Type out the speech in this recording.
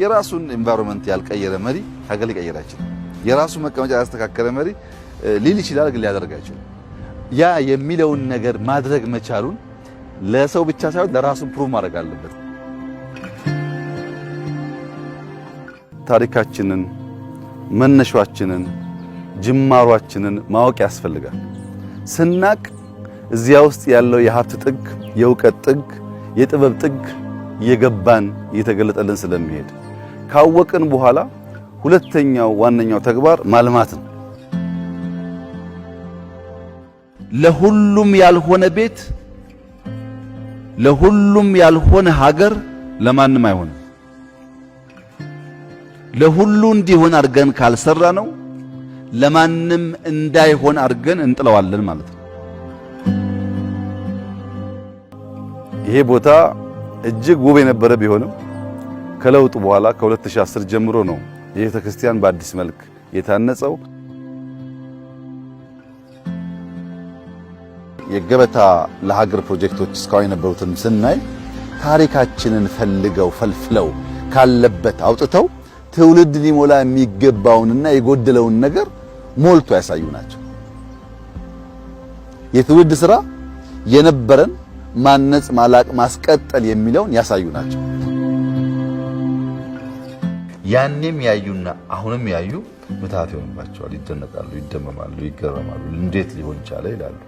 የራሱን ኢንቫይሮንመንት ያልቀየረ መሪ ሀገር ሊቀይር አይችልም። የራሱ መቀመጫ ያስተካከለ መሪ ሊል ይችላል፣ ግን ሊያደርግ አይችልም። ያ የሚለውን ነገር ማድረግ መቻሉን ለሰው ብቻ ሳይሆን ለራሱን ፕሩቭ ማድረግ አለበት። ታሪካችንን፣ መነሻችንን፣ ጅማሯችንን ማወቅ ያስፈልጋል። ስናቅ እዚያ ውስጥ ያለው የሀብት ጥግ፣ የእውቀት ጥግ፣ የጥበብ ጥግ እየገባን እየተገለጠልን ስለሚሄድ ካወቅን በኋላ ሁለተኛው ዋነኛው ተግባር ማልማት ነው። ለሁሉም ያልሆነ ቤት፣ ለሁሉም ያልሆነ ሀገር ለማንም አይሆንም። ለሁሉ እንዲሆን አድርገን ካልሰራ ነው ለማንም እንዳይሆን አድርገን እንጥለዋለን ማለት ነው። ይሄ ቦታ እጅግ ውብ የነበረ ቢሆንም ከለውጡ በኋላ ከ2010 ጀምሮ ነው የቤተ ክርስቲያን በአዲስ መልክ የታነጸው። የገበታ ለሀገር ፕሮጀክቶች እስካሁን የነበሩትን ስናይ ታሪካችንን ፈልገው ፈልፍለው ካለበት አውጥተው ትውልድ ሊሞላ የሚገባውንና የጎደለውን ነገር ሞልቶ ያሳዩ ናቸው። የትውልድ ስራ የነበረን ማነጽ፣ ማላቅ፣ ማስቀጠል የሚለውን ያሳዩ ናቸው። ያኔም ያዩና አሁንም ያዩ ምታት ይሆንባቸዋል፣ ይደነቃሉ፣ ይደመማሉ፣ ይገረማሉ። እንዴት ሊሆን ቻለ ይላሉ።